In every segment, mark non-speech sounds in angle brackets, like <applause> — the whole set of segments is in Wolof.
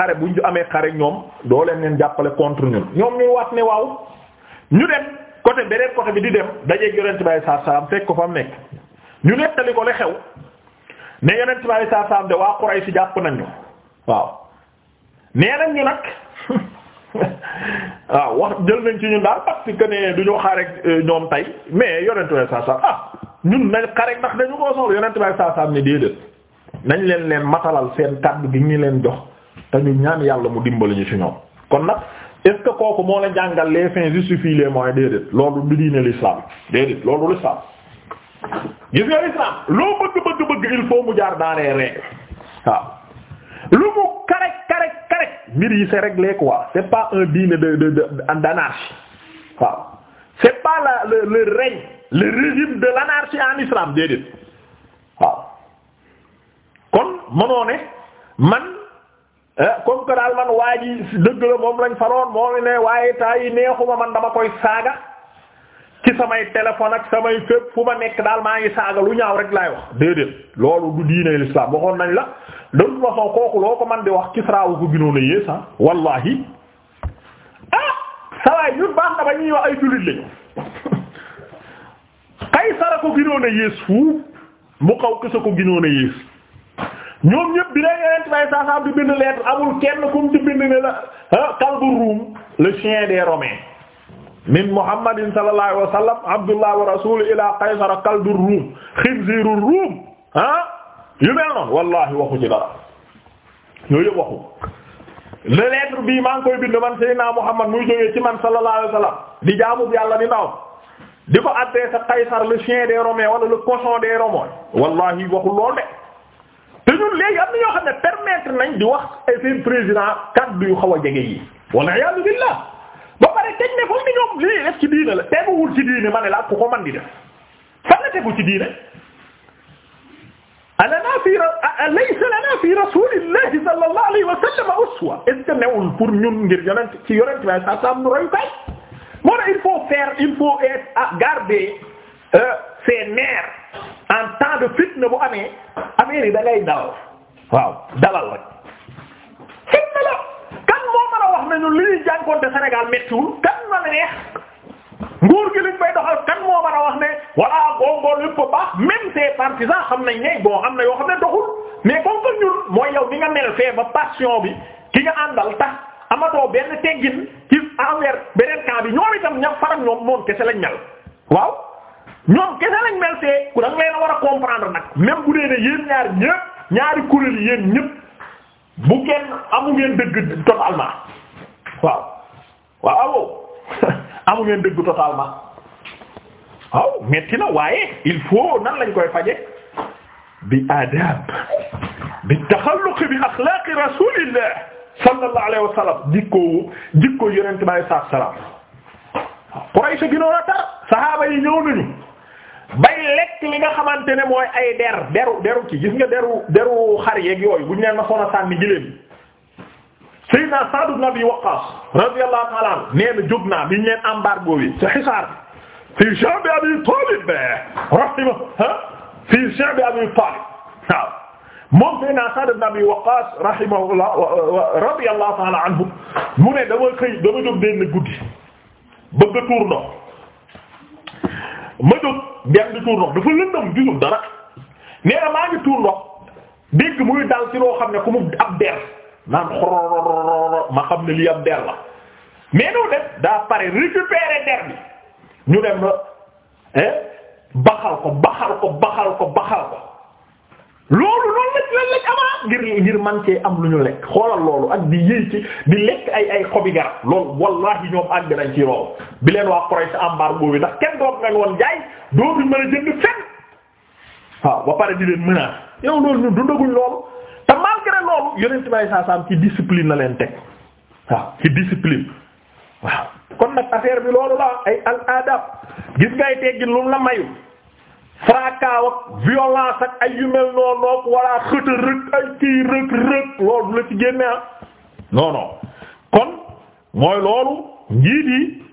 xare buñ ñu amee xare ñoom doo leen leen jàppale contre ñun ñoom ñuy waat ne waaw ñu dem côté beneen côté bi di dem dajeeg yonent bi saa saam fekk ko fa mu nekk ñu nettali ko li xew ne yonent bi saa saam de waa Quraysh si jàpp nañ waaw nee nañ ñu nag <laughs> waaw wax jël nañ ci ñun daal du ñu xaareeg euh, ñoom tey mais yonent bi saa saam ah ñun nañ xaareeg ndax dañu koo saam ne déedéet nañ leen leen matalal seen kàddu gi ñu leen jox. te ñu ñaan yàlla mu dimbali ñu ci ñoom kon nag est ce que kooku moo la jàngal les fins justifient les moyens déedéet loolu du diine l'islam déedéet loolu l'islam gis nga loo bëgg bëgg bëgg il faut mu jaar dans lu mu karek karek karek mbir yi c'est réglé quoi c'est pas un dîner de de de d'anarchie waaw c'est pas la le le règne le régime de l'anarchie en islam déedéet waaw kon mënoo man. Eh, comme que daal man waa dëgg la moom lañ faloon moom ne waaye taa yi neexuma man dama koy saaga ci samay téléphone ak samay fépp fu ma nekk daal maa ngi saaga lu ñaaw rek laay wax déedéet loolu du diine l'islam waxoon nañ la de toute kooku loo ko man di wax Kisraawu ko ginoon a yées ah wallahi ah sawaay ñun baax na ba ñuy wax ay jullit lañu Qaysara ko ginoon a yées fuuf mu kaw kese ko ginoon a yées ñoom ñëpp bi leen yeneen bay saasaam di bind lettre amul kenn kum di bind ne la ah, kalbu ruum le chien des romains min muhammadin sallallahu alayhi abdullah wa ila qaysar kalbu ruum xinziru ruum ah yu mel wallahi waxu ci dara yooyu yëpp waxu le lettre bii maa ngi koy bind man sayyidina muhammad muy jógee ci man sallallahu alayhi di jaamu yàlla ni naaw di ko adressé qaysar le chien des romains wala le cochon des romains wallahi waxu lool de te ñun léegi am xam ne permettre nañ di wax seen président kaddu yu xaw a jege yi wala yàlla billah ba pare dañ ne foog ni ñoom li ci diine la teguwul ci diine ma la ku ko man di def fan la tegu ci diine alanaa fi laysa lana fi rasulillahi sallallahu alayhi wa sallam uswa est-ce newul pour ñun ngir yonent ci yonent way sa sam nu royu tay moo il faut faire il faut être à garder euh, ses nerfs en temps de fitna bu amee affaire yi da ngay dalal waaw dalal rek fitna la kan moo mën a wax ne ñun li ñuy jànkoonte Sénégal méttiwul kan la neex nguur gi kan moo mën a wax ne voilà góorgóorlu yëpp a baax même ces partisans xam nañ ne bon am na yoo xam ne doxul mais comme que ñun mooy yow ni nga mel fee ba passion bi ki nga àndal tax amatoo benn teggin ci envers beneen camp bi ñoom itam ña faram ñoom noonu kese lañ waaw. ñoom kese lañ mel see ku da ngay war a comprendre nag même bu dee ne yéen ñaar ñëpp ñaari kuréel yi yéen ñëpp bu kenn amu ngeen dëgg totalement waaw waaw ah <laughs> amu ngeen dëgg totalement waaw metti na waaye il faut nan lañ koy faje bi adab bi taxalluq bi axlaaq rasulillah sallallahu alayhi wa sallam jikko jikko yonent bi alayhi salaam Quraysh ginoon a tar sahaaba yi ñëw nañu bay lekk li nga xamante ne mooy ay der deru deru ci gis nga deru deru xar yeeg yooyu buñ leen na soon a sànni giléem Sayyidina Sa'd ibn Abi Waqqas radiyallahu ta'ala anhu nee na jóg naa biñ leen bi ci xisaar fi sha'bi Abi Talib rahima fi sha'bi Abi mu ne dama xëy dama jóg benn guddi bëgg a tuur dem di tuur ndox dafa lëndëm gisul dara nee na maa ngi tuur ndox dégg muy dal ci loo xam ne ku mu ab der naan ma xam ne lii ab der la mais noo daa pare récupérer der bi ñu dem na baxal ko baxal ko baxal ko baxal loolu loolu lañ lañ lañ amaat ngir ngir man cee am lu ñu lekk xoolal loolu ak di yëy ci di lekk ay ay xobi garab loolu wallahi ñoom àgg nañ ci loolu bi leen waa Quraysh embargo bi ndax kenn doon nañ woon jaay doo fi mën a jënd fenn waaw ba pare di leen menace yow loolu ñun dundaguñ loolu te malgré loolu yonent bay saa saam ci discipline la leen teg waaw ci discipline waaw kon nag affaire bi loolu la ay al adab gis ngay teggin lu la mayu fracas ak violence ak ay yu mel walla xëta ay kii rëg rëg loolu la ci génne ah non kon mooy loolu njiit yi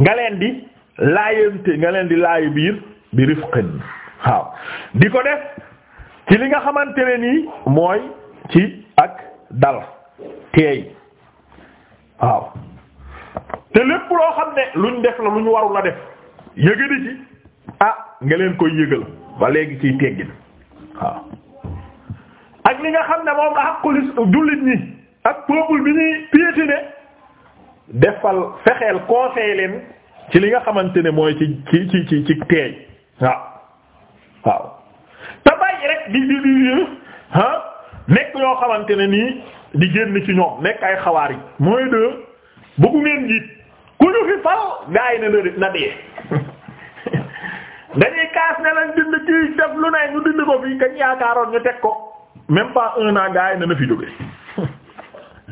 nga leen di laayante nga leen di laay biir bi rifqin waaw di ko def ci li nga xamante ne nii mooy ci ak dal teey waaw te lépp loo xam ne luñ def la lu ñu warul la def yëgadi ci ah nga leen koy yëgal ba léegi ciy teggin waaw ak li nga xam ne moom la jullit ñi ak peuple bi ñuy piétiner defal fexeel conseil leen ci li nga xamante ne mooy ci ci ci ci ci teey waaw waaw te bàyyi rek di di di ah nekk yoo xamante ne nii di génn ci ñoom nekk ay xawaar yi mooy de bëggu ngeen njiit ku ñu fi fal gaa na na dee <laughs> dañuy kaas ne lañ dind kii def lu ne ñu dind ko fii kañ yaakaaroon ñu teg ko même pas un an gaa na na fi jóge <laughs>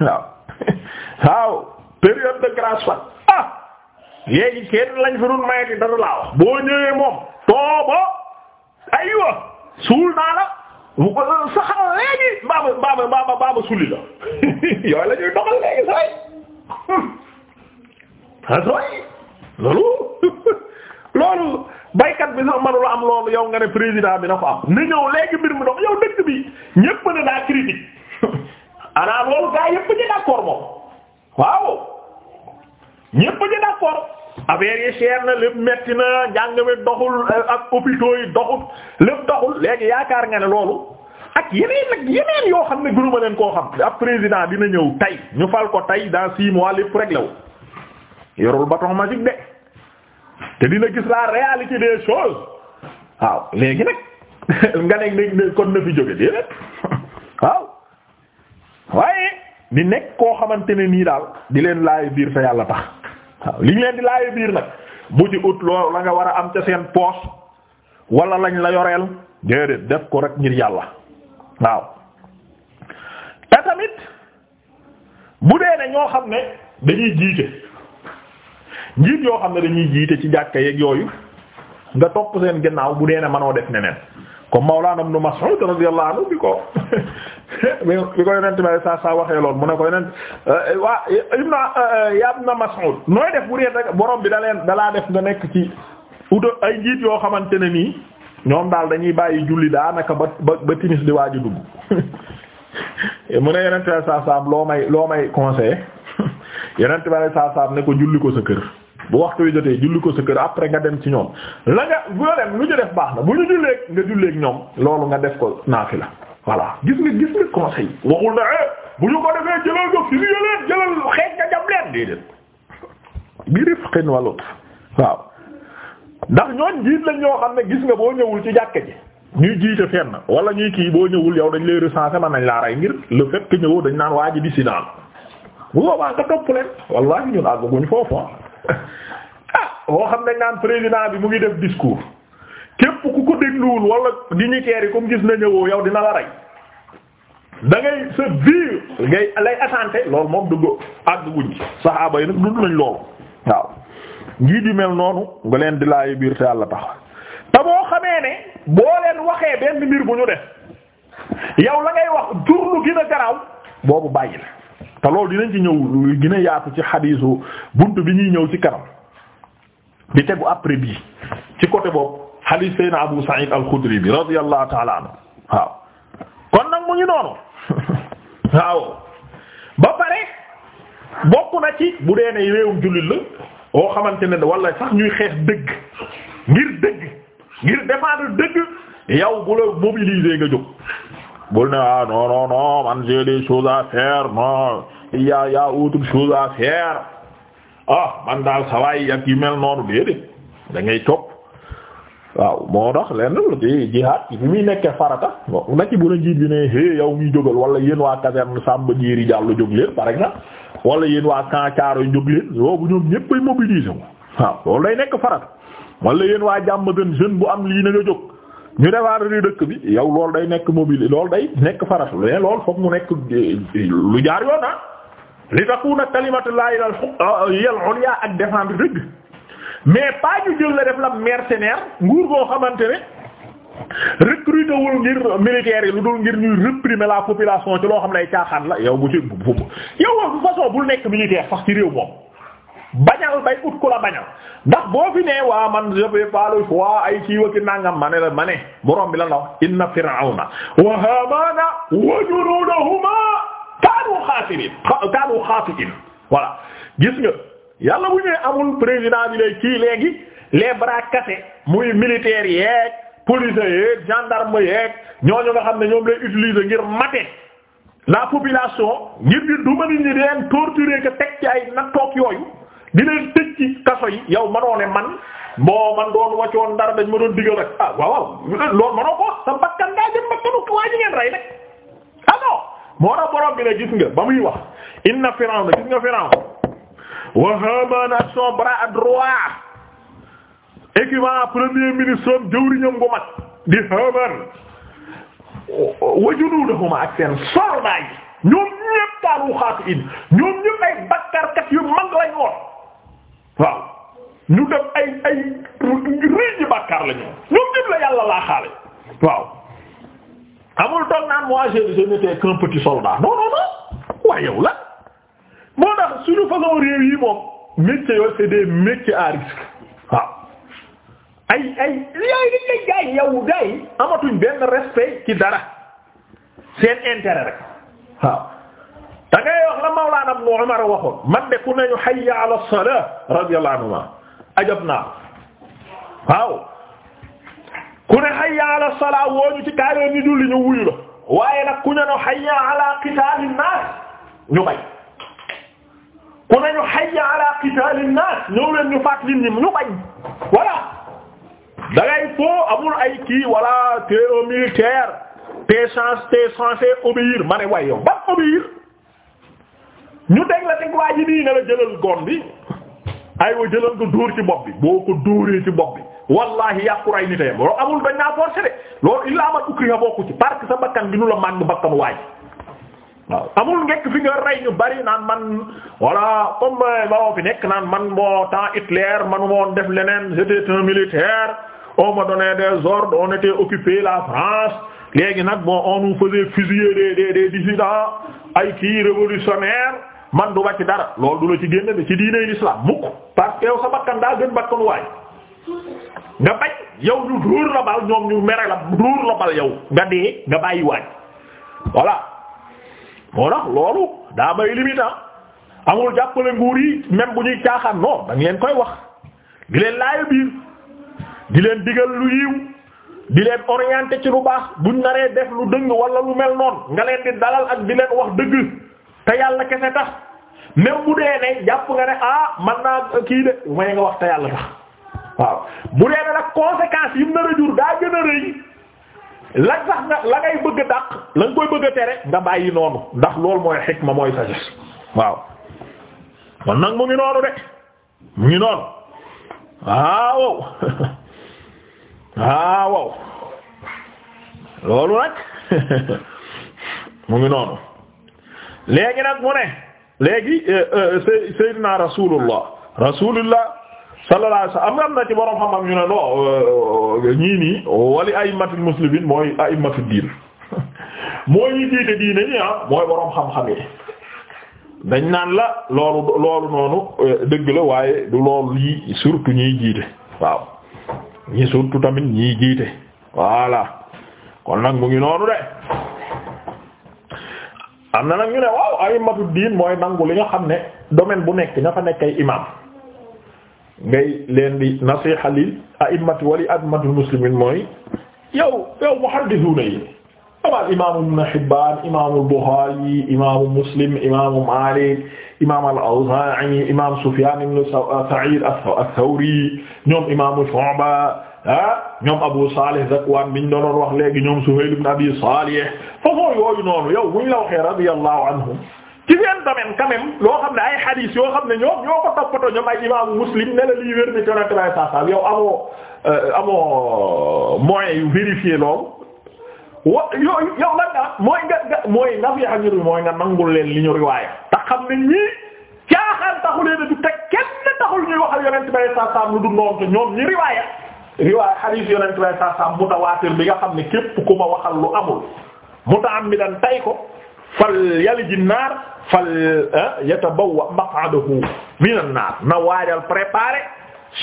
waaw <laughs> waaw période de grâce fan ah! léegi kenn lañ fi dul mayati dara laa boo ñëwee moom toobo aywa suul naa la saxal léegi baaba baaba baaba baaba suli la <laughs> yooyu la ñuy doxal léegi sooy ah sooy loolu <laughs> loolu baykat bi sax mënula loolu yow nga ne président bi na ko am na ñëw léegi mbir mi dox yow dëkk bi ñépp ne daa critique <laughs> ana loolu gaa yépp ñu d'accord moom waaw ñépp ñu d'accord affaire yi cher na lépp metti na njàng mi doxul euh, ak hôpitaux yi doxul lépp doxul léegi yaakaar nga ne loolu ak yeneen nag yeneen yoo xam ne gënuma leen koo xam ab président dina ñëw tey ñu fal ko tey dans six mois lépp réglé wu yorul bâton magique de te dina gis laa réalité des choses waaw léegi nag <laughs> nga ne ne kon na fi jóge déedéet <laughs> waaw waaye di nekk koo xamante ne nii daal di leen laay biir sa yàlla tax waaw li ñu leen di laaye biir nag bu ci ut loolu la nga war a am ca seen poos wala lañ la yoreel déedéet def ko rek ngir yàlla waaw te tamit bu dee ne ñoo xam ne dañuy jiite njiit yoo xam ne dañuy jiite ci jàkka yeeg yooyu nga topp seen ginnaaw bu dee ne manoo def neneen comme Mawlana Ibn Mas'ud radiyallahu anhu bi ko <laughs> bi ko yonent ma saa saa waxee lool mu ne ko yonent eh, waa na eh, ya ibna Mas'ud nooy def bu dee rek borom bi da leen dalaa def nga nekk ci uta ay njiit yoo xamante ne nii ñoom daal dañuy bàyyi julli daanaka ba ba timis di waaju dugg <laughs> mu ne yonent ma saa saa loo may loo may conseil <laughs> yonent ma saa saa ne ko julli ko sa kër bu waxtu wi jotee julli ko sa après nga dem ci ñoom la nga boo dem lu ñu def baax na bu ñu jullee nga jullee ak ñoom loolu nga def ko naafila voilà gis nga gis nga conseil waxul na eh bu ñu ko defee jëlal nga fi jëlal jëlal xeej nga jam leen déedéet bi rifqin wa lutf waaw ndax ñooñ jiit lañ ñoo xam ne gis nga boo ñëwul ci jàkke ji ñuy jiite fenn wala ñuy kii boo ñëwul yow dañ lay recenser man nañ laa rey ngir le fait que ñëwoo dañ naan waa ji di si naan bu boobaa <laughs> ah boo xam ne naan président bi mu ngi def discours képp ku ko dégluwul wala dignitaires yi comme gis na ñëwoo yow dina la rey da ngay sa vie ngay lay attenter loolu moom dugg àgg guñ saxaaba yi nag dund nañ loolu waaw njiit yu mel noonu nga leen di laay biir te yàlla tax te boo xamee ne boo leen waxee benn mbir bu ñu def yow la ngay wax jur lu gën a garaaw boobu bàyyi la. te loolu dinañ ci ñëw gën yaatu ci xadiisu buntu bi ñuy ñëw ci kanam di tegu après bi ci côté boobu xadiis Seydina Abu Sa'id al-Khudri bi ta'ala anhu kon nag mu noonu <laughs> waaw ba pare bokk na ci bu dee ne réewum jullit la oo xamante ne wala sax ñuy xeex dëgg ngir dëgg ngir défendre dëgg yow bu la mobiliser nga jóg bul ne ah man j'ai des choses à faire yaa a y chose à faire ah man daal sawaay ak yu mel noonu déedéet da ngay topp waaw moo tax lenn ci jihaat bi muy nekkee farata bon na ci bu la jiit bi ne hé yow muy jógal wala yéen waa caserne Samba Diéry Diallo jóg leen par exemple wala yéen waa Camp Thiaroye jóg leen yoobu ñoom ñépp ay mobiliser waaw loolu day nekk farata wala yéen waa jàmb gën jeune bu am lii na nga jóg ñu defaarari dëkk bi yow loolu day nekk mobile loolu day nekk farata mais loolu fokk mu eh, lu jaar yoon ah. li takuna kalimatullahi al ah, ulya ak défendre dëgg mais pas ñu jël la def la mercenaire nguur goo xamante ne recruter wul ngir militaires yi lu dul ngir ñuy réprimer la population ci loo xam ne ay la yow bu ci bu yow façon bul nekk militaire sax ci réew moom bañal bay ut ku la bañal ndax boo fi ne waa man j'avais pas le choix ay kii ki nangam ma ne la ma ne borom bi la na inna fir'auna wa hamana wa junudahuma kaanu xaasirin kaanu xaasirin voilà gis nga yàlla mu ñëwee amul président bi lay kii léegi les bras cassés muy militaires yeeg police yeeg gendarme yeeg ñooñu nga xam ne ñoom lay utiliser ngir mater la population ngir di duma nit ñi di leen torturer teg ci ay nattoog yooyu di leen tëj ci kaso yi yow manoo ne man boo man doon waccoon dara dañ ma doon digal rek ah waaw waaw loolu manoo ko sa bakkan daa jëm bakkanu waa ji ngeen rey rek ah, moo tax borom bi ne gis nga ba muy wax inna Firawna gis nga Firawna wa Haamaan ak son bras droit équivalent premier ministre am gu mag di Haamaan wa junuudahuma ak seen soldat ñoom ñépp taalu xaatiin ñoom ñépp ay bakkarkat yu mag lañ woon waaw ñu def ay ay réeji bakkar lañu ñoom ñépp la yàlla laa xaale waaw amul toog naan moi je je n'étais qu'un petit soldat non non non waaye yow la moo tax suñu façon réew yi moom métiers yooyu c'est des métiers à risque waaw ay ay yooyu dañ benn respect ci dara seen intérêt rek waaw la Mawlaana Ibn Umar waxoon man de ku nañu hayya ala salah radiyallahu anhu ajab naa waaw ku ne hayya ala salaa woo ci kaayoo ni julli ñu wuyu la waaye nag ku ne no hayya ala qitaali naas ñu bay ku ne ñu hayya ala qitaali naas ñëw leen ñu faat nit ñi ñu bay voilà da foo amul ay kii voilà t'es un militaire t'es censé t'es censé obéir ma ne waay yow ba obéir ñu dégg la teg waa gon bi ay wa jëlal ko ci bopp bi boo ko dóoree ci bopp bi wallahi yàqu ray nit amul dañ naa de loolu illaa man ukriha bokku ci parce que sa bakkan gi nu la màng bakkan waaj waaw amul ngekk fi nga rey ñu bari naan man voilà comme euh, nekk naan man moo temps Hitler manu moon def leneen j'étais un militaire on m'a donné des ordres on était occupé la France léegi nag bon on nous faisait fusiller des des des dissidents ay révolutionnaire man du ba ci dara loolu du la ci génne ci diine l'islam mukk parce sa bakkan nga bañ yow ñu dóor la bal ñoom ñu mere la dóor la bal yow nga dee nga bàyyi waaj voilà moo tax loolu daa may limite ah amul jàppale nguur yi même bu ñuy caaxaan non dañ leen koy wax di leen laaya biir di leen digal lu yiw di leen orienté ci lu baax buñ naree def lu dëng wala lu mel noonu nga leen di dalal ak di leen wax dëgg te yàlla kese tax même mu dee ne jàpp nga ne ah man naa kii de may nga wax te yàlla tax waaw bu dee nag conséquences yi mu nar a jur daa gën la sax nga la ngay bëgg a dàq koy bëgg a tere nga bàyyi noonu ndax loolu mooy xikma mooy sagesse waaw. kon nag mu ngi noonu de mu ngi noonu waaw waaw loolu nag <laughs> mu ngi noonu léegi nag mu ne léegi euh, euh, Seydina Rasulullah Rasulullah. sallallahu alayhi wa am na ci borom xam-xam ñu ne non euh, euh, ñii nii wali a'immatul muslimin mooy a'immatud diin <laughs> mooy ñi diine diine ñi ah mooy borom xam-xam yi dañ naan la loolu loolu noonu euh, dëgg la waaye du loolu yi surtout ñuy jiite waaw ñi surtout tamit ñiy jiite voilà kon nag mu ngi noonu de am na nag ñu ne waaw a'immatud diin mooy nangu li nga xam ne domaine bu nekk ña fa nekk ay imaam. ngay leen di nasiha lil a'immati wa li a'immatil muslimin mooy yow yow muhaddisuuna yi amal imaamu ibn Hibbaan imaamu Buxaari imaamu Muslim imaamu Maalik imaamu al-Awzaa'i imaamu Sufyaan ibn ah, Sa'iid ath-Thawri ñoom imaamu Shu'ba ah ñoom Abu Saalih Zakwaan biñ doon wax léegi ñoom Suhayl ibn Abi Saalih façon yooyu noonu yow buñ la waxee radiyallahu anhum ci seen domaine loo xam ne ay hadith yoo xam ne ñoom ñoo ko toppatoo ñoom ay imaamu muslim ne la lii wér ni coono traité saa saa yow amoo euh, amoo moyens yu vérifier loolu. wa yow yow lan nga mooy nga nga mooy nga fi yàq njëriñ mooy nga nangul leen li ñu riwaaya te xam ne ñii caaxaan taxulee ne du teg kenn taxul ñuy waxal yonent bi saa saa lu dul noonu te ñoom ñi riwaaya riwaaya hadith yonent bi saa saa mutawaatir bi nga xam ne képp ku ma waxal lu amul mutaammidan tay ko. fal ji naar fal yatabawwa maq'adahu min an-naar na waajal préparer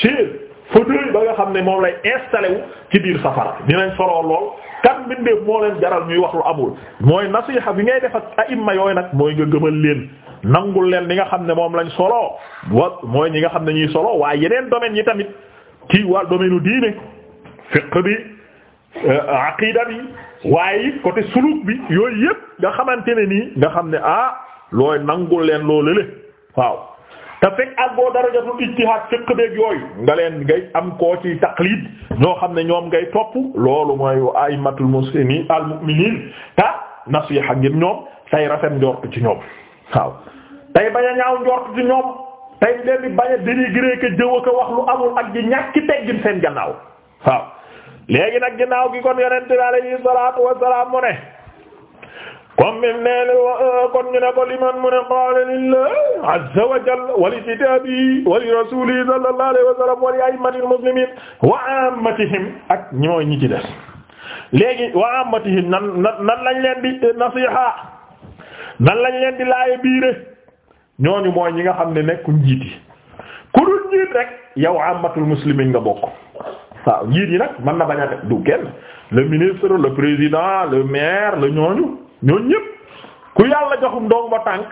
chaise fauteuil ba nga xam ne moom lay installé wu ci biir safara dinañ soroo lool kan mbindeef moo leen jaral ñuy wax lu amul mooy nasiha bi ngay def ak a'imma yooyu nag mooy nga gëmal leen nangul leen li nga xam ne moom lañ solo wa mooy ñi nga xam ne ñuy solo waaye yeneen domaine yi tamit ci wàllu domaine diine fiqh bi aqida bi waaye it côté suluk bi yooyu yëpp nga xamante ne nii nga xam ne ah looy nangul leen loolu le waaw te fekk ak boo darajatul ijtihaad fekk beeg yooyu nga leen ngay am koo ci taqlid ñoo xam ne ñoom ngay topp loolu mooy aymatul muslimiin al mu'miniin ta nasiha ngir ñoom tay rafet njort ci ñoom waaw tay bañ a ñaaw njort ci ñoom tay leen di bañ a dénigré ka jëw ko wax lu amul ak di ñàkki teggin seen gannaaw waaw léegi nag ginnaaw gi kon yonent bi alayhi salaatu wassalaam mu ne comme mi kon ñu ko liman mu ne qaala wa li kitaabihi wa li rasuulihi wa sallam wa li a'immatil muslimiin wa ammatihim ak ñi mooy ñi ci des léegi wa ammatihim nan lañ leen di nasiha nan lañ leen di laaye biire mooy ñi nga xam ne nekkuñ njiit yi ku dul njiit rek yow ammatul muslimiin nga bokk waaw njiit yi nag man na bañ a def du kenn le ministre le président le maire le ñooñu ñooñu ñëpp ku yàlla joxum doom ba tànk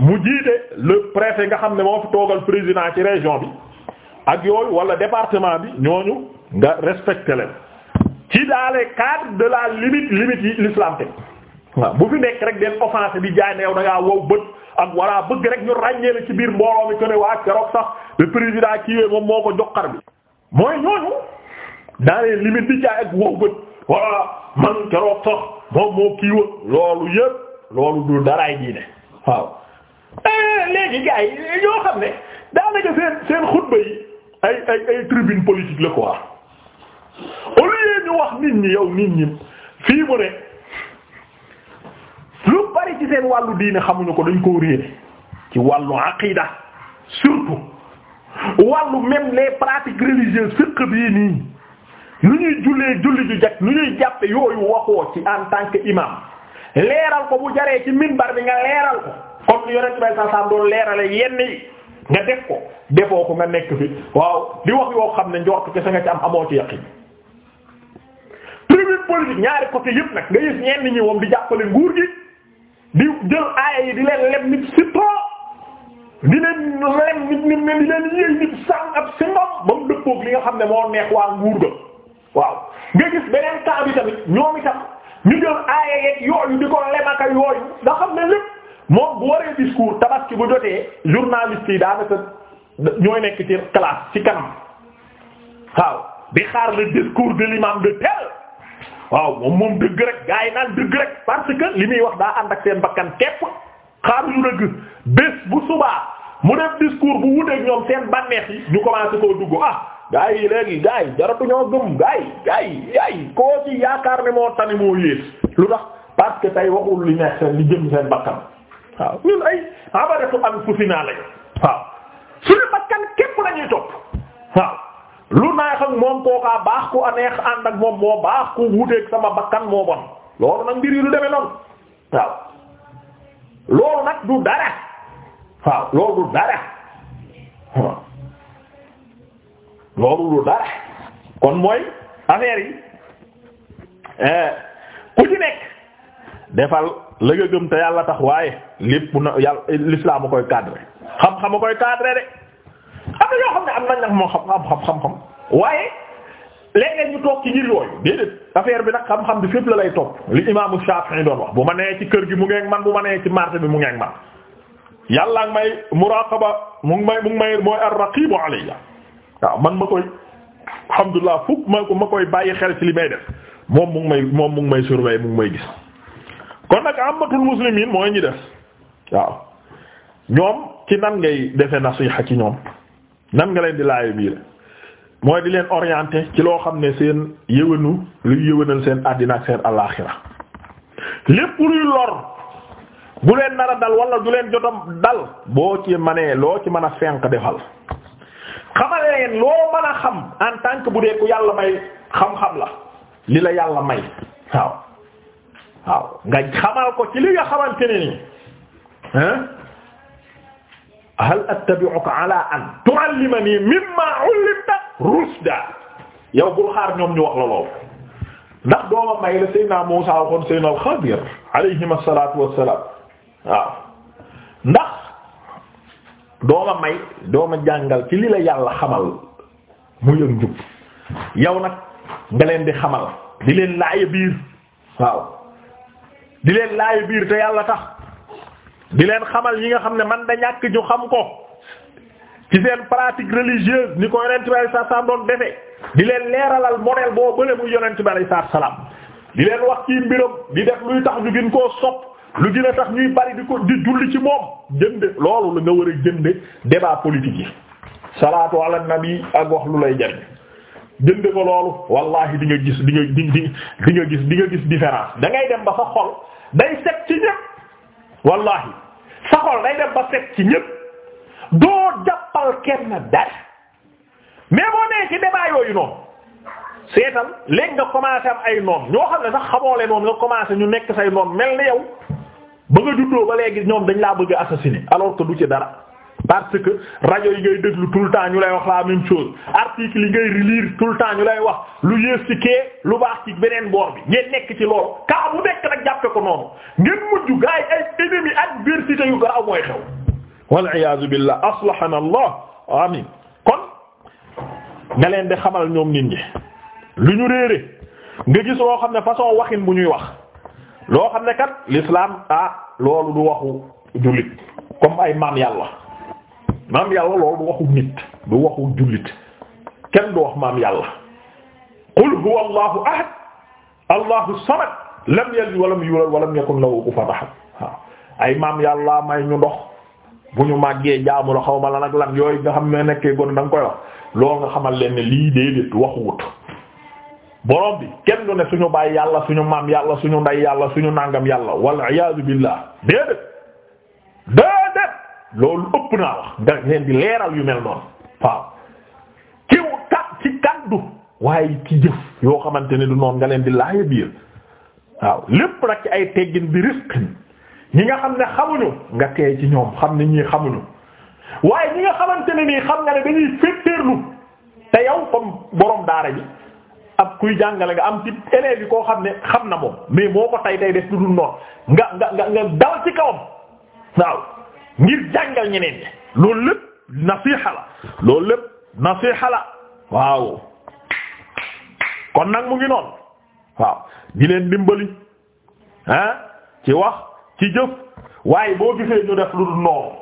mu jiite le préfet nga xam ne moo fi toogal président ci région bi ak yooyu wala département bi ñooñu nga respecté ci dans les de la limite limite yi l'islam te waaw bu fi nekk rek den offensé bi jaay ne yow da ngaa wow bët ak walla bëgg rek ñu ràññee la ci biir mbooloo mi ko ne waa keroog sax le président kiiwee ko jox bi mooy ñooñu daa leen di jaay ak wow bët walla man keroog sax moom moo kii loolu yëpp loolu du daraay diine waaw eh, léegi gars yi ñoo xam ne daanaka seen seen xutba yi ay ay ay tribune politique la quoi au lieu ñu wax nit ñi yow nit ñi fii mu ne lu bari ci seen wàllu diine xamuñu ko dañ koo réere ci wàllu aqida surtout wàllu même les pratiques religieuses fiqh bii nii nu ñuy jullee julli ju jag lu ñuy jàppe yooyu waxoo ci en tant que imam leeral ko bu jaree ci minbar bi nga leeral ko comme ni yonent bay sa sam leerale yenn yi nga def ko defoo ko nga nekk fi waaw di wax yoo xam ne njort kese nga ci am amoo ci yaqin tribune politique ñaari côté yëpp nag nga gis ñenn ñi moom di jàppale nguur gi di jël aaya yi di leen leb nit si trop di leen ren nit leen yéey nit sàng ab si ba mu dëppook li nga xam ne moo neex waa nguur ga waaw nga gis beneen temps bi tamit ñoom itam ñu jël aaya yeeg yooyu di ko lemaka yooyu nga xam ne lépp moom bu waree discours tabaski bu jotee journaliste yi daanaka ñooy nekk ci classe ci kanam waaw di xaar la discours de l'imam de tel waaw moom moom dëgg rek gaa yi naan dëgg rek parce li muy wax daa ànd ak seen bakkan kepp xaar yu rëgg bés bu subaa mu def discours bu wuteeg ñoom seen bànneex yi ñu commencé koo dugg ah gaa yi léegi gaa yi jaratu ñoo gëm gaa yi gaa yi koo ci yaakaar ne moo tane moo yées lu tax parce que tey waxul li neex seen li jëm seen bakkan waaw ñun ay abaratu am fu si lañu waaw suñu bakkan képp lañuy topp waaw lu neex ak moom kookaa baax ku aneex ànd ak moom moo baax ku wuteeg sama bakkan moo bon loolu nag mbir yi lu demee noonu waaw loolu nag du dara loolu du dara loolu du dara kon mooy affaire yi eh, ku ci nekk defal la nga te yàlla tax waaye lépp na yàlla l'islam a koy cadré xam-xam a koy cadré de am na ñoo xam ne am nañ nag moo xam xam xam xam waaye léeg-léeg ñu toog ci ngir yooyu déedéet affaire bi nag xam-xam bi fépp la lay topp li imaamu Shafi'i doon wax bu ma nee ci kër gi mu ngee man bu ma nee ci marché bi mu ngeeg man yàlla ngi may muraqaba mu ngi may mu ngi may mooy ar-raqibu alayya waaw man ma koy alhamdulillah fukk ma ma koy bàyyi xel ci li may def moom mu ngi may moom mu ngi may surveiller mu ngi may gis kon nag ammatul muslimin mooy ñi def waaw ñoom ci nan ngay defee nasiha ci ñoom nan nga leen di la biir mooy di leen orienter ci loo xam ne seen yëwënu luy yëwënal seen àddina ak seen alaaxira lépp luy lor bu leen nar dal wala du leen jotam dal boo ci manee loo ci mën a fenk defal xamal leen loo mën a xam en tant bu dee ku yàlla may xam-xam la li la yàlla may waaw waaw nga xamal ko ci li nga xamante ne nii hal attabi'uka ala an tu'allimani mimma 'ullimta rusda yow bul xaar ñoom ñu wax la ndax dooma may la Seydina Muusaa waxoon Seydina Al-Xadir alayhim as-salaatu wassalaam waaw ndax dooma may dooma jàngal ci li la yàlla xamal mu yëg njub yow nag nga leen di xamal di leen laaya biir waaw di leen laaya biir te yàlla tax di leen xamal yi nga xam ne man da ñàkk ñu xam ko ci seen pratique religieuse ni ko yonent bi alayhi salaam doon defee di leen leeralal modèle boo bële muy yonent bi alayhi salaam di leen wax ci mbiram di def luy tax lu gën koo sopp lu gën a tax ñuy bari di ko di julli ci moom jënde loolu la nga war a jënde débat politique yi salaatu ala nabi ak wax lu lay jariñ jënde ko loolu wallahi di nga gis di nga di di nga gis di nga gis différence da dem ba sa xol day set ci ñépp wallahi sa xol day dem doo jàppal kenn dara mais boo nee ci débat noonu seetal léegi nga commencé ay noon ñoo xam ne sax xamoo leen woon nga commencé ñu nekk say noon mel ni yow ba nga juddoo ba léegi ñoom dañ laa bëgg a assassiner alors que du ci dara parce que rajo yi ngay déglu tout le temps ñu lay wax laa même chose article yi ngay relire tout le temps ñu lay wax lu yées ci kee lu baax ci beneen boor bi ngeen nekk ci loolu kaa bu nekk nag jàppe ko noonu ngeen mujj gaay ay ennemis adversité yu garaaw mooy xew wal iyaazu billah aslahana allah amin kon nga leen xamal ñoom nit ñi lu ñu réere nga gis loo xam ne façon waxin bu ñuy wax loo xam ne kat l'islam ah loolu du waxu jullit comme ay maam yàlla maam yàlla loolu du waxu jullit kenn du wax mam yàlla qul huwa allahu ahad allahu samad lam yalid walam yulad walam yakun ay maam yàlla may ñu ndox bu ñu màggee jaamu xaw ma la ak lan yooyu nga xam ne nekkee gone da nga koy wax loolu nga xamal leen ne lii déedéet waxuwut borom bi kenn du ne suñu baay yàlla suñu maam yàlla suñu nday yàlla suñu nàngam yàlla walla iyaazu billaah déedéet déedéet loolu ëpp naa wax nga leen di leeral yu mel noonu waaw ci kat ci kaddu waaye ci jëf yoo xamante ne du noonu nga leen di laaya biir waaw lépp nag ci ay teggin bi risque ñi nga xam ne xamuñu nga teey ci ñoom xam ne ñii xamuñu waaye ñi nga xamante ne nii xam nga ne dañuy lu te yow comme borom daara ji ak kuy jàngale nga am ci koo xam ne xam na moom mais moo ko tay tay def dudul noonu nga nga nga ci kawam waaw ngir jàngal loolu lépp nasiha la loolu lépp nasiha la waaw kon nag mu ngi noonu waaw di leen dimbali ah ci wax ci jëf waaye boo gisee ñu def lu dul noonu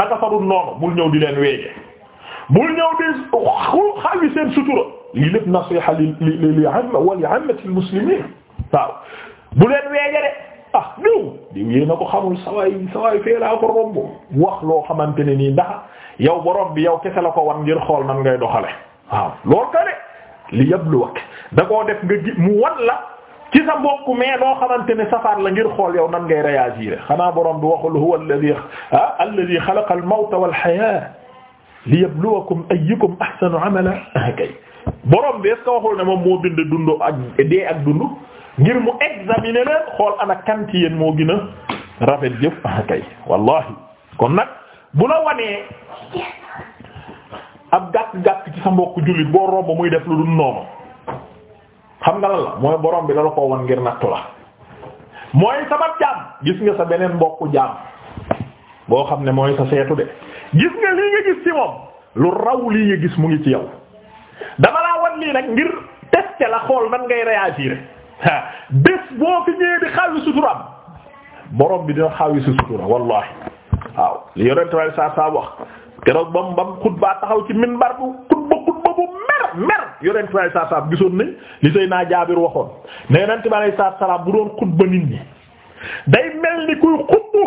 naka fa dul noonu bul ñëw di leen weege bul ñëw di xawi seen sutura lii lépp nasiha li li li amma wa li ah wax loo xamante ne nii ndax yow borom bi yow kese la ko wan ngir xool nan ngay doxale waaw loolu ka de li yabluwak da koo def nga gi mu wan la ci sa mbokk mais loo xamante ne safar la ngir xool yow nan ngay réagir xanaa borom bi waxul huwa alladhi ah alladhi xalaqa al-mawta wal hayaata liyabluwakum ayyukum ahsanu amala ah, kay borom bi est waxul ne moom moo bind dund ak dee ak dund ngir mu examiner xool ana kan ci yéen moo gën a rafet jëf ah, kay wallahi kon nag bu la wanee ab gàtt gàtt ci sa mbokk jullit boo romb muy def lu dul noonu. xam nga lan la mooy borom bi dala ko won ngir nattu la mooy sama jaam gis nga sa beneen mbokku jaam boo xam ne mooy sa seetu de gis nga lii nga gis ci moom lu raw lii nga gis mu ngi ci yow dama laa wan lii nag ngir tester la xool nan ngay réagir bés boo fi ñëwee di xawi suturam borom bi dina xawi si sutura wallahi waaw li yonent way saa saa wax keroog bam bam xutbaa taxaw ci minbar bu mer yonent bi saa salaam gisoon nañ li Seydina Jaabir waxoon ne yonent salaam bu doon xutba nit ñi day mel ni kuy xutbu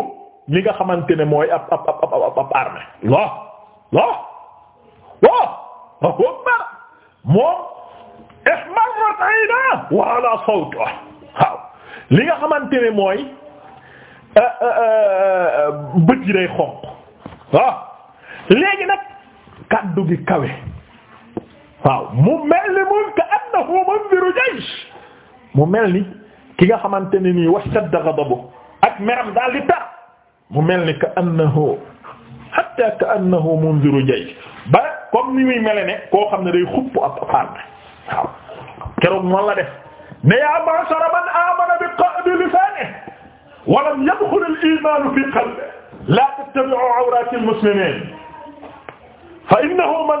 li nga xamante ne mooy ab li nga xamante ne mooy euh, euh, euh, bët yi day xonq waaw léegi nag kaddu gi kawe waaw mu mel ni mun ka annahu munziru jaysh mu mel ni ki nga xamante ne nii washtadda ghadabu ak meram daal di tar mu mel ni ka annahu hatta ka annahu munziru jaysh ba comme ni muy mel ne koo xam ne day xupp ab faarne waaw keroog noonu la def ne yaa ma'shara man amana bi lisaanihi wa lam yadkhul al-iimaanu fi qalbihi laa tattabi'u awraati al-muslimiin fa innahu man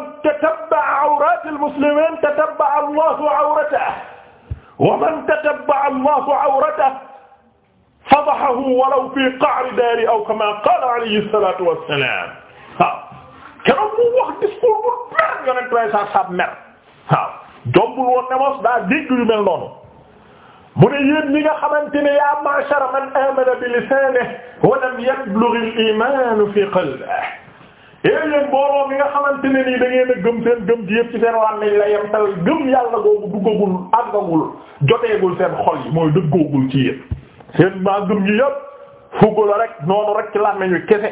awratil muslimiin tatabba'a Allahu awratahu wa man tatabba'a Allahu awratahu fadahahu walaw fii qa'ri daari aw kamaa qaala alayhi salaatu wa salaam waaw keroog mu wax discours bu mer yonent bi saa saa mer waaw jombul woon ne mos daa dégg yu mel noonu mu ne yéen ñi nga xamante ne yaa ma'shara man aamana bi lisaanihi wa lam yablugh al-iimaan fii qalbihi yéen leen mbooloo mi nga xamante ne nii da ngeen gëm seen gëm ci yëpp ci seen wàll lañ la yem tal gëm yàlla googu duggagul àggagul joteegul seen xol yi mooy dëggoogul ci yéen seen maa gëm yi yëpp fugg la rek noonu rek ci làmmiñ wi kese.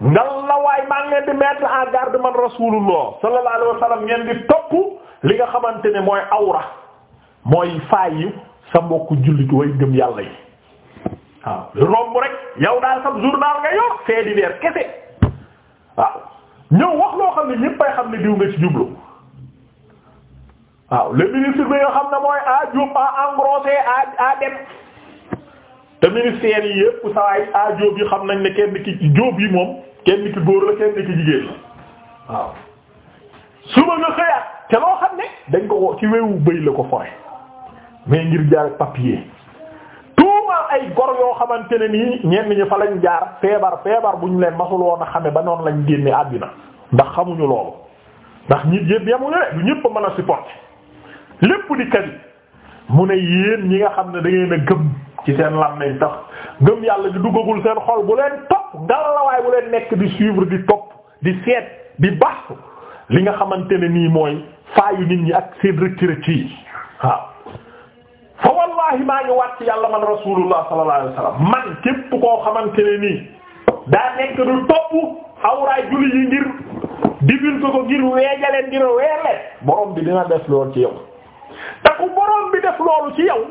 ngal la waay maa ngi leen di mettre en garde man rasulullah sallallahu alayhi wa sallam ngeen di topp li nga xamante ne mooy awra mooy faay sa mbokku jullit way gëm yàlla yi waaw romb rek yow daal sa journal nga yor waaw ñëw wax loo xam ne ñëppay xam ne diw nga ci jublu waaw le ministre bi nga xam na mooy a Diop a engrossé a a dem te ministère yi yépp saa a Diop yi xam nañ ne kenn ki Diop yi moom kenn ki góor la kenn ki jigéen la waaw suba nga xëyaat te loo xam ne dañ ko ci wewu bëy la ko fore mais ngir jaar papier. ay gor yoo xamante ne nii ñenn ñi fa lañ jaar feebar feebar bu ñu leen masul woon a xame ba noonu lañu génne àddina ndax xamuñu loolu ndax ñit yëpp yamuñu ne du ñëpp a mën a supporter lépp di kat mu ne yéen ñi nga xam ne da ngeen a gëm ci seen làmmiñ tax gëm yàlla ñu duggagul seen xol bu leen topp ngallaawaay bu leen nekk di suivre di topp di seet di baax li nga xamante ne nii mooy faayu nit ñi ak seen rëcc rëcc yi waaw. fa wallahi maa ngi waat ci yàlla man rasulullah sallallahu alayhi wasallam man képp koo xamante ne nii daa nekk du topp awraay julli yi ngir digul ko ko ngir weejale ngir weele borom bi dina def lool ci yow te ku borom bi def loolu ci yow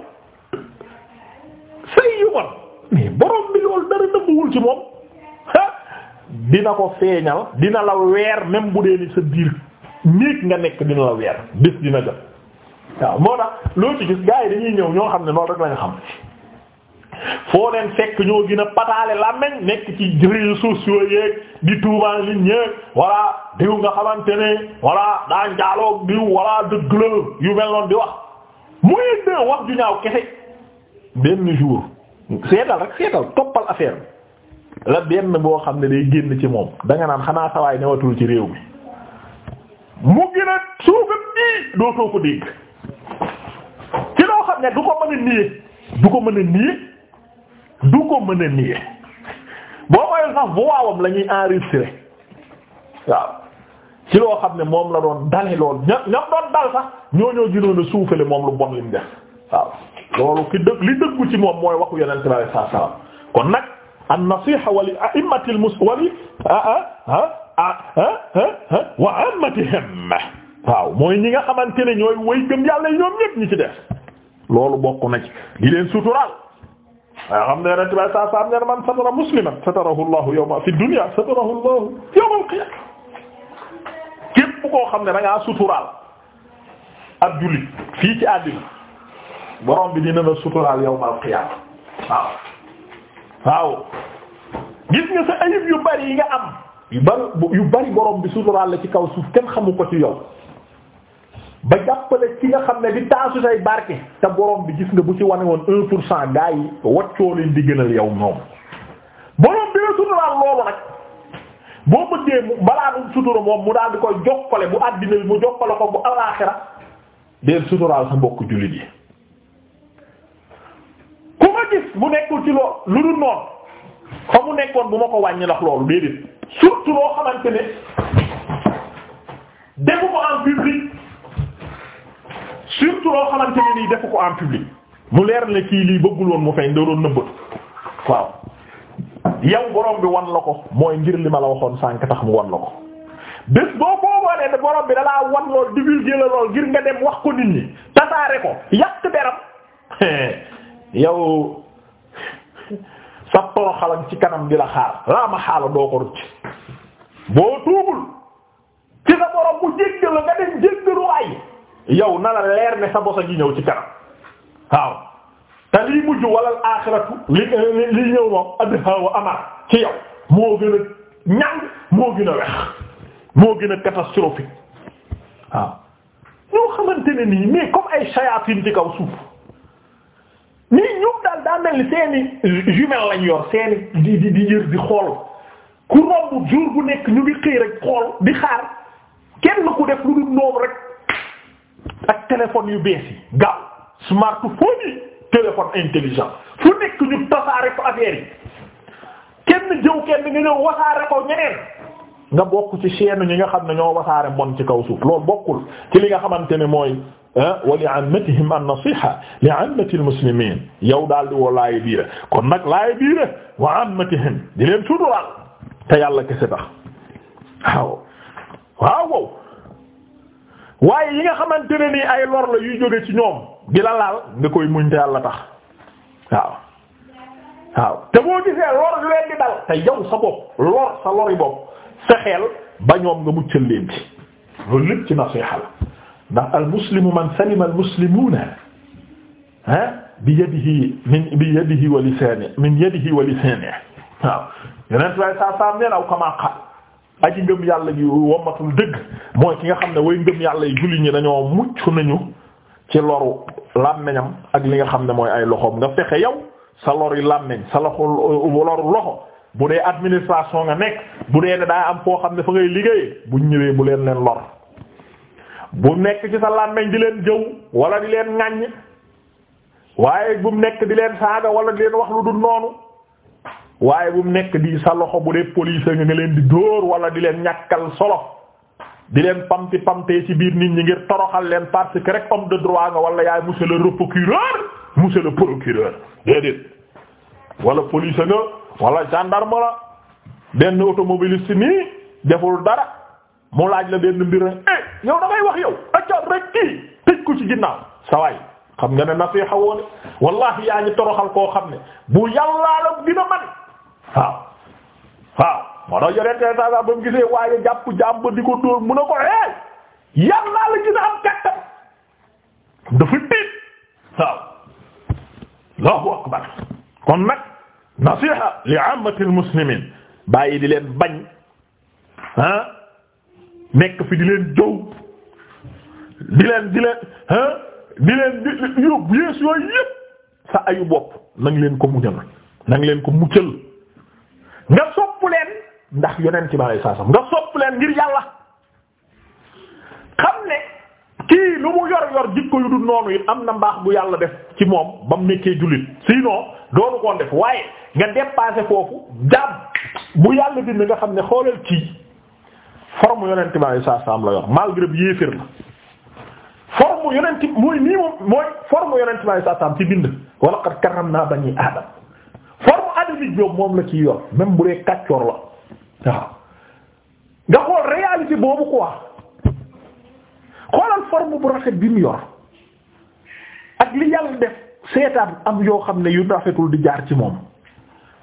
sëy yu man mais borom bi loolu dara nëbbuwul ci moom dina ko feeñal dina la weer même bu dee ni sa biir néeg nga nekk dina la weer bés dina jot. waaw moo tax loo ci gis gars yi dañuy ñëw ñoo xam ne noonu rek lañu xam foo leen fekk ñoo gën pataale làmmeñ nekk ci réseaux sociaux yeeg di tuumaan liñ ñeeg walla diw nga xamante ne walla daa njaaloo diw walla dëgg la yu mel noonu di wax muy de wax ju ñaaw kese benn jour seetal rek seetal toppal affaire bi la benn boo xam ne day génn ci moom danga naan xanaa sawaay newatul ci réew mi mu gën a suukat ii dootoo ko dégg xam du ko mën a nié du ko mën a nié du ko mën a nié boo mooy sax voix-am la ñuy waaw ci loo xam ne moom la doon dale lool ña ñam doon dal sax ñoo ñoo a suufale moom lu bon lim def waaw loolu ki dëgg li dëggu ci moom mooy waxu yonent bi sallallahu alayhi wasallam kon nag an nasiha wa a a'immatil mus wa waaw mooy ñi nga xamante ne ñooy way gëm yàlla ñoom ñépp ñi ci def loolu bokk na ci di leen suturaal waaw xam ne yonent bay saa saam ne man satara musliman satarahu llahu yawma fi dunya satarahu llahu yawmal qiyamah képp koo xam ne da ngaa suturaal ab jullit fii ci àddina borom bi dina la suturaal yawmal qiyamah waaw waaw gis nga sa ayib yu bari yi nga am yu bari borom bi suturaal la ci kaw suuf kenn xamu ko ci yow ba jàppale ci nga xam ne di taasu say barke te boroom bi gis nga bu ci wane woon un pour cent gaa yi waccoo leen di gënal yow ñoom borom bi la suturaal loolu nag boo bëggee mu balaa mu sutura moom mu daal di koy jokkale bu àddina bi mu jokkale ko bu alaaxira deel suturaal sa mbokk jullit yi ku ma gis mu nekkul ci loo lu dul noonu fa mu nekkoon bu ma ko wàññi ndax loolu déedéet surtout loo xamante ne defu ko en public surtout loo xamante ne nii defu ko en public mu leer ne kii lii bëggul woon mu feeñ da doon nëbbatu waaw yow borom bi wan la ko mooy ngir li ma la waxoon sànk tax mu wan la ko bés boo ko wanee borom bi dalaa wan lool divulguer la lool ngir nga dem wax ko nit ñi tasaare ko yàq deram <laughs> yow sa toroxalan ci kanam di la xaar laa ma xaala doo ko rucc boo tuubul ci sa borom bu jéggal yow na la leer ne sa bosa gi ñëw ci kanam waaw te lii mujj wala aaxiratu li li ñëw moom adha amar ci yow moo gën a ñàng moo gën a wex moo gën a catastrophique waaw ñoo xamante nii mais comme ay shayatin ci kaw suuf nii ñoom daal daa mel ni seeni jumelle lañ yor seeni di di di yër di xool ku romb jour bu nekk ñu ngi xëy rek xool di xaar kenn ku def lu dul noom rek ak téléphone yu bees yi gaaw smartphone yi intelligent fu nekk ñu tasaare ko affaire yi kenn jëw kenn nga ñëw wasaare ko ñeneen nga bokk ci chaîne ñi nga xam ne ñoo wasaare mbon ci kaw suuf loolu bokkul ci li nga xamante ne mooy wa li'ammatihim an-nasiha li'ammati al-muslimin yow daal di woo laayi biira kon nag laayi biira wa ammatihim di leen suturaal te yàlla kese tax waaw waaw waaye yi nga xamante ne nii ay lor la yuy jóge ci ñoom di la laal nga koy muñ te yàlla tax waaw waaw te boo gisee lor leen di dal te yow sa bopp lor sa lori bopp fexeel ba ñoom nga muccal leen ci loolu lépp ci nasiha la ndax al muslimu man salima al muslimuna ah bi yadihi min bi yadihi wa lisanihi min yadihi wa lisanihi waaw yeneen way sa sam neen aw kama qaal aji ngëm yàlla gi wommatul dëgg mooy ki nga xam ne way ngëm yàlla yi julli ñi dañoo mucc nañu ci loru làmmeñam ak li nga xam ne mooy ay loxoom nga fexe yow sa lori làmmeñ sa loxo loru loxo bu dee administration nga nekk bu dee ne daa am foo xam ne fa ngay liggéeyee bu ñëwee bu leen leen lor bu nekk ci sa làmmeñ di leen jëw wala di leen ŋàññ waaye bu nekk di leen saaga wala di leen wax lu dul noonu waaye bu nekk di sa loxo bu dee police nga leen di dóor wala di leen ñàkkal solo di leen pamti pamtee ci biir nit ñi ngir toroxal leen parce que rek homme de droit nga wala yaay monsieur le procureur monsieur le procureur déedéet wala police nga wala gendarme la benn automobiliste nii deful dara mu laaj la benn mbir rek eh yow da wax yow acca rek kii tëj ko ci ginnaaw sa waay xam nga ne na fi xawoon wallahi yaa ngi toroxal koo xam ne bu yàllaa moo tax yonentee saa saa ba mu gisee waaye jàpp jàpp di ko dóor mun a ko ee eh, yàllaa la gën a am kattan dafa tiit waaw Allahu akbar kon nag nasiha li ammatil muslimin bàyyi di leen bañ ah nekk fi di leen jow di leen di leen ah di leen di yób yées yooyu yëpp sa ayu bopp nang leen ko muñal nang leen ko muccal nga sopp leen ndax yonent bi alayhi salaam nga sopp leen ngir yàlla xam ne kii lu mu yor yor jikko yu dul noonu it am na mbaax bu yàlla def ci moom ba mu nekkee jullit sinon doonu koon def waaye nga dépassé foofu jàmm bu yàlla dindi nga xam ne xoolal kii forme yonent bi alayhi salaam la yor malgré bi yéeféer la forme yonent mooy nii moom mooy forme yonent bi alayhi salaam ci bind wa laqad karramnaa banii aadam forme adamique boobu moom la ciy yor même bu dee kàccoor la waaw nga xool réalité boobu quoi xoolal forme bu rafet bi mu yor ak li yàlla def seetaan am yoo xam ne yu rafetul di jaar ci moom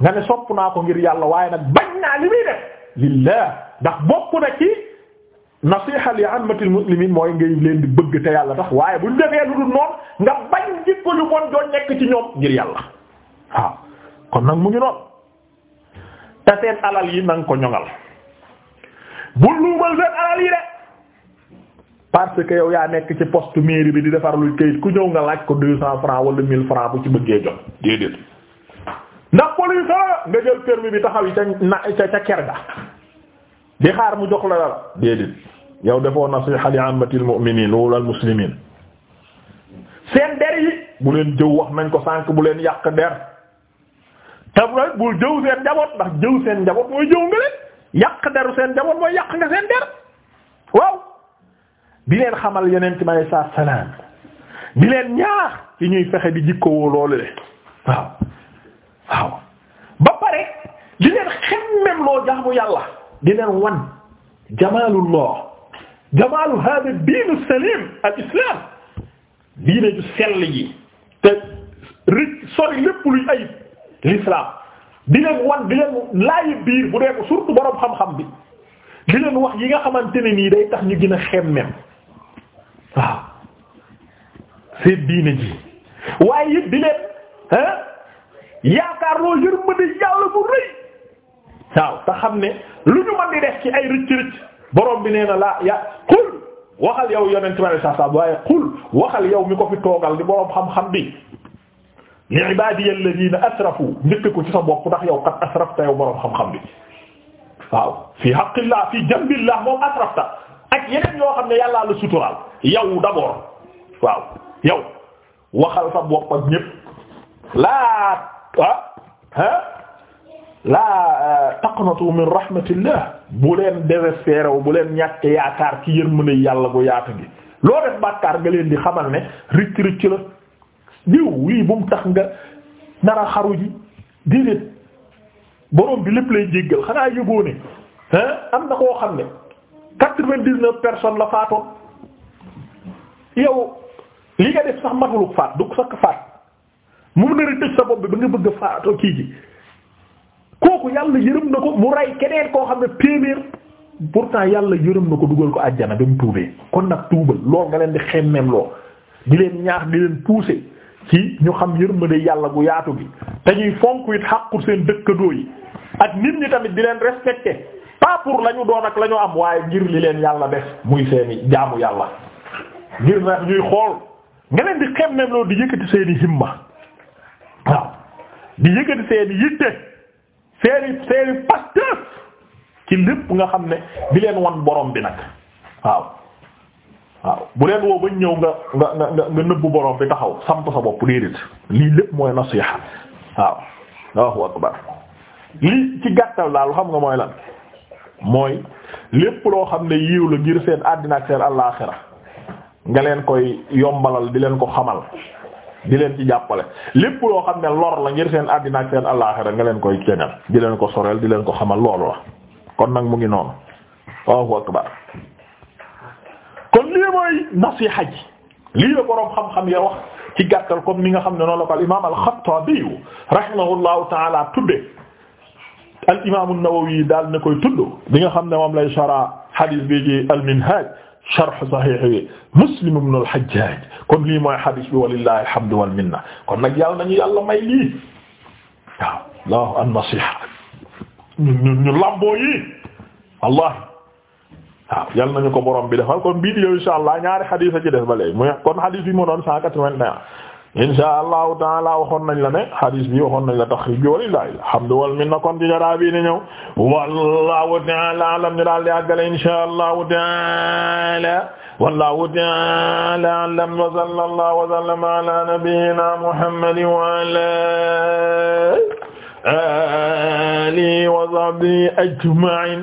nga ne sopp naa ko ngir yàlla waaye nag bañ naa li muy def lillah ndax bokk na ci nasiha li ammatil muslimin mooy ngay leen di bëgg te yàlla tax waaye buñ defee lu dul noonu nga bañ jikko lu bon doon nekk ci ñoom ngir yàlla waaw kon nag mu ngi noonu te seen alal yi na nga ko ñoŋal bu luumal seen alal yi de parce que yow yaa nekk ci poste mairie bi di defar lu kayit ku ñëw nga laaj ko deux cent francs wala mille francs bu ci bëggee jot déedéet ndax police nga jël permis bi taxaw yi ca na ca ca ker ga di xaar mu jox la dara déedéet yow defoo nasiha li ammatil mu'minin wal muslimin seen der yi bu leen jëw wax nañ ko sànq bu leen yàq der te bu bul jëw seen njaboot ndax jëw seen njaboot mooy jëw nga leen yàq deru seen seen der waaw di xamal yeneen ci may saa di leen ñaax ci ñuy fexe di jikkowoo loolu le waaw waaw xemmem loo jaamu yàlla di leen wan jamaalullah jamaalu hada diinu salim al islam diine ju sell te rëcc sori lépp luy ayib l'islam di leen wan di leen laayi biir bu dee surtout boroom xam-xam bi di leen wax yi nga xamante ne nii day tax ñu gina a xemmem waaw seen diine ji waaye it di leen ah yaakaar loo yërmande yàlla bu rëy waaw te xam ne lu ñu mën di def ci ay rëcc rëcc borom bi nee na laa ya qul waxal yow yonent bi sallallahu alayhi waaye qul waxal yow mi ko fi toogal di boroom xam-xam bi li ibadiya alladhina asrafu njëkk ko ci sa bopp ndax yow kat asrafta yow borom xam-xam bi waaw fi haqqillah fi jambillah moom asrafta ak yeneen yoo xam ne yàllaa la suturaal yow d'abord waaw yow waxal sa bopp ak ñépp laa ah laa euh, taqnatu min rahmatillah bu leen désespéré wu bu leen ñàkk yaakaar ci yërmande yàlla bu yaatu gi loo def bàkkaar di xamal ne ricc ricc la diw lii bu mu tax nga nar xaru ji déedéet boroom bi lépp lay jéggal xanaa yëgoo ne am na koo xam ne quatre-vingt-dix-neuf la faatoon yow li nga def sax matuluk faat du sax faat mu mën a tëj sa bopp bi ba nga bëgg a faatoo kii ji kooku yàlla yërëm na ko mu rey keneen koo xam ne péeméer pourtant yàlla yërëm na ko dugal ko àjjana ba mu tuubee kon nag tuubal lool nga leen di xemmeem loo di leen ñaax di leen pousser ci ñu xam yërmande yàlla gu yaatu gi te ñuy fonk it xàqu seen dëkkadoo yi ak nit ñi tamit di leen respecté papour lañu la ñu doon ak la am waaye ngir li leen yàlla def muy seeni jaamu yàlla ngir na ñuy xool nga leen di xem même loolu di yëkkati seeni himma waaw di yëkkati seeni yitte seeni seeni pasteur ci lépp nga xam ne di leen wan borom bi nag waaw waaw bu leen woo ba ñëw nga nga nëbbu borom bi taxaw samp sa bopp déedéet lii lépp mooy nasiha waaw Allahu akbar lii ci gàttal daal xam nga mooy lan mooy lépp loo xam ne yiw la ngir seen àddina ak seen àllaaxira nga leen koy yombalal di leen ko xamal di leen ci jàppale lépp loo xam ne lor la ngir seen àddina ak nga leen koy ceñal di leen ko soreel di leen ko xamal loolu la kon nag mu ngi noonu Allahu akbar mooy nasiha lii la boroom xam-xam ya wax ci gàttal ni nga xam ne noonu la ko al imaam al-Xattaabi rahimahullahu ta'ala tudde al imaam an-Nawawi daal na koy tudd li nga xam ne moom lay shara xadis bi ci al-Minhaaj sharh Sahih Muslim ibn al-Hajjaj kon lii moy xadis bi walillahi alhamdu wal minna kon nag yàlla nañu yàlla nasiha ñun ñu lamboo waaw yal nañu ko borom bi defal kon bii di yow insha allah ñaari xadiis a ci def ba léegi muy kon xadiis bi mu doon cent quatre-vingt-un insha allahu taala waxoon nañ la ne xadiis bi waxoon nañ la taxrij bi walillahi alhamdu wal minna kon ci jaraa bii ni ñëw wallahu taala alam ñu daal di àggale insha allahu taala wallahu taala alam wa sallallahu wa sallama ala nabiyyina muhammadin wa ala alihi wa sahbihi ajma'in